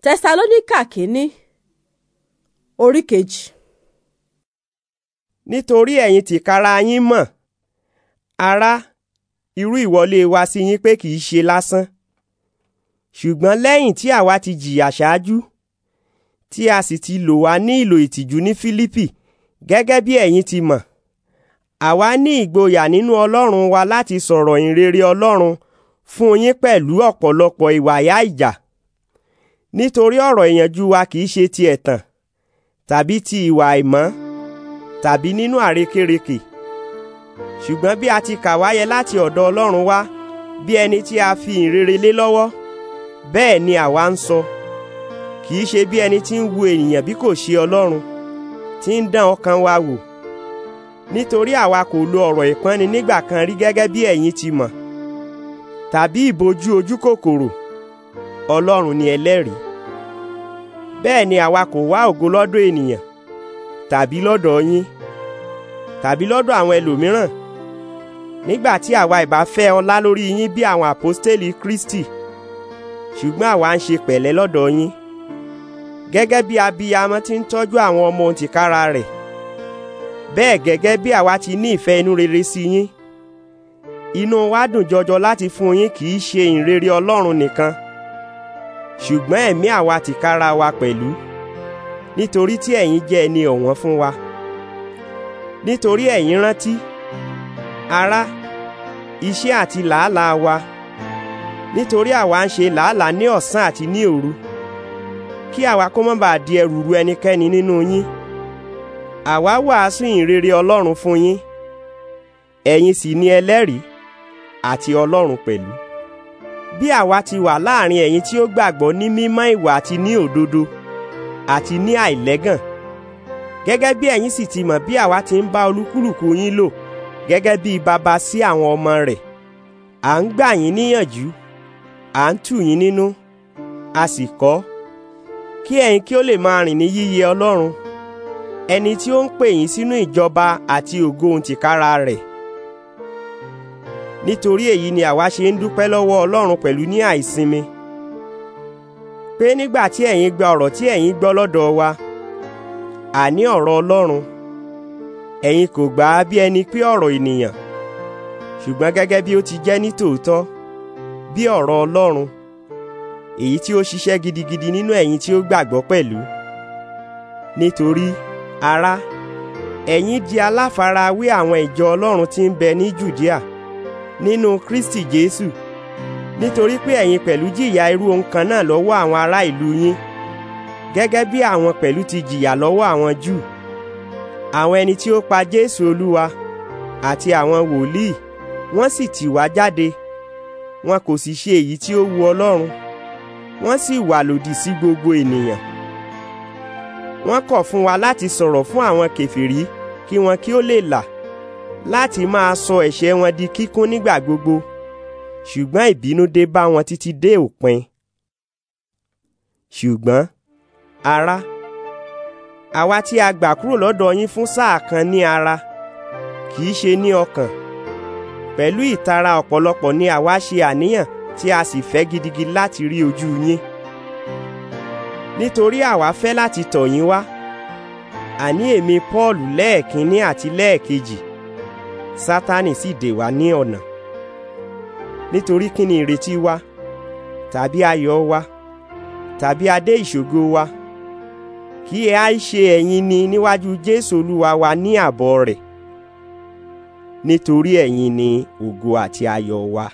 tẹsalóníkà kínní orí kejì. nítorí ẹ̀yin tìkára yín mọ̀ ará irú ìwọlé wa sí yín pé kì í ṣe lásán ṣùgbọ́n lẹ́yìn tí àwa ti jìyà ṣáájú tí a sì ti lò wá ní ìlò ìtìjú ní Fílípì gẹ́gẹ́ bí ẹ̀yin ti mọ̀ àwa ní ìgboyà nínú Ọlọ́run wa láti sọ̀rọ̀ ìrere Ọlọ́run fún yín pẹ̀lú ọ̀pọ̀lọpọ̀ ìwàyà ìjà nítorí ọ̀rọ̀ ìyànjú wa kì í ṣe ti ẹ̀tàn tàbí ti ìwà àìmọ́ tàbí nínú àrékérekè ṣùgbọ́n bí a ti kà wáyẹ láti ọ̀dọ̀ Ọlọ́run wá bí ẹni tí a fi ìrere lé lọ́wọ́ bẹ́ẹ̀ ni àwa ń sọ kì í ṣe bí ẹni tí ń wo ènìyàn bí kò ṣe Ọlọ́run tí ń dán ọkàn wa wò nítorí àwa kò lo ọ̀rọ̀ ìpọ́nni nígbà kan rí gẹ́gẹ́ bí ẹ̀yin ti mọ̀ tàbí ìbojú ojú kòkòrò Ọlọ́run ni ẹlẹ́rìí bẹ́ẹ̀ ni àwa kò wá ògo lọ́dọ̀ ènìyàn tàbí lọ́dọ̀ yín tàbí lọ́dọ̀ àwọn ẹlòmíràn nígbà tí àwa ìbá fẹ́ ọlá lórí yín bí àwọn àpọ́stélì Kristi ṣùgbọ́n àwa ń ṣe pẹ̀lẹ́ lọ́dọ̀ yín gẹ́gẹ́ bí abiyamọ ti ń tọ́jú àwọn ọmọ tìkára rẹ̀ bẹ́ẹ̀ gẹ́gẹ́ bí àwa ti ní ìfẹ́ inú rere sí yín inú wa dùn jọjọ láti fún yín kì í ṣe ìhìnrere Ọlọ́run nìkan ṣùgbọ́n ẹ̀mí àwa tìkára wa pẹ̀lú nítorí tí ẹ̀yin jẹ́ ẹni ọ̀wọ́n fún wa nítorí ẹ̀yin rántí ará iṣẹ́ àti làálàá wa nítorí àwa ń ṣe làálàá ní ọ̀sán àti ní òru kí àwa kó má bàa di ẹrù rù ẹnikẹ́ni nínú yín àwa wàásù ìrere Ọlọ́run fún yín ẹ̀yin sì ni ẹlẹ́rìí àti Ọlọ́run pẹ̀lú bí àwa ti wà láàrin ẹ̀yin tí ó gbàgbọ́ ní mímọ́ ìwà àti ní òdodo àti ní àìlẹ́gàn gẹ́gẹ́ bí ẹ̀yin sì ti mọ̀ bí àwa ti ń bá olúkúlùkù yín lò gẹ́gẹ́ bí baba sí àwọn ọmọ rẹ̀ à ń gbà yín níyànjú à ń tù yín nínú a sì kọ́ kí ẹ̀yin kí ó lè máa rìn ní yíyẹ Ọlọ́run ẹni tí ó ń pè yín sínú ìjọba àti ògo tìkára rẹ̀ nítorí èyí ni àwa ṣe ń dúpẹ́ lọ́wọ́ Ọlọ́run pẹ̀lú ní àìsinmi pé nígbà tí ẹ̀yin gba ọ̀rọ̀ tí ẹ̀yin gbọ́ lọ́dọ̀ wa àní ọ̀rọ̀ Ọlọ́run ẹ̀yin kò gbà á bí ẹni pé ọ̀rọ̀ ènìyàn ṣùgbọ́n gẹ́gẹ́ bí ó ti jẹ́ ní tòótọ́ bí ọ̀rọ̀ Ọlọ́run èyí tí ó ṣiṣẹ́ gidigidi nínú ẹ̀yin tí ó gbàgbọ́ pẹ̀lú nítorí ará ẹ̀yin di aláfarawé àwọn ìjọ Ọlọ́run tí ń bẹ ní Jùdíà nínú Kristi Jésù nítorí pé ẹ̀yin pẹ̀lú jìyà irú ohun kan náà lọ́wọ́ àwọn ará ìlú yín gẹ́gẹ́ bí àwọn pẹ̀lú ti jìyà lọ́wọ́ àwọn Júù àwọn ẹni tí ó pa Jésù Olúwa àti àwọn wòlíì wọ́n sì tì wá jáde wọn kò sì ṣe èyí tí ó wu Ọlọ́run wọ́n sì wà lòdì sí gbogbo ènìyàn wọ́n kọ̀ fún wa láti sọ̀rọ̀ fún àwọn kèfèrí kí wọn kí ó lè là láti máa sọ ẹ̀ṣẹ̀ wọn di kíkún nígbà gbogbo ṣùgbọ́n ìbínú dé bá wọn títí dé òpin ṣùgbọ́n ará àwa tí a gbà kúrò lọ́dọ̀ yín fún sáà kan ní ara kì í ṣe ní ọkàn pẹ̀lú ìtara ọ̀pọ̀lọpọ̀ ni àwa ṣe àníyàn tí a sì fẹ́ gidigidi láti rí ojú yín nítorí àwa fẹ́ láti tọ̀ yín wá àní èmi Pọ́ọ̀lù lẹ́ẹ̀kínní àti lẹ́ẹ̀kejì sátánì sì dè wá ní ọ̀nà nítorí kí ni ìrètí wa tàbí ayọ̀ wa tàbí adé ìṣògo wa kí ẹ á ṣe ẹ̀yin ni níwájú jésù olúwa wa ní àbọ̀ rẹ̀ nítorí ẹ̀yin ni ògo àti ayọ̀ wa.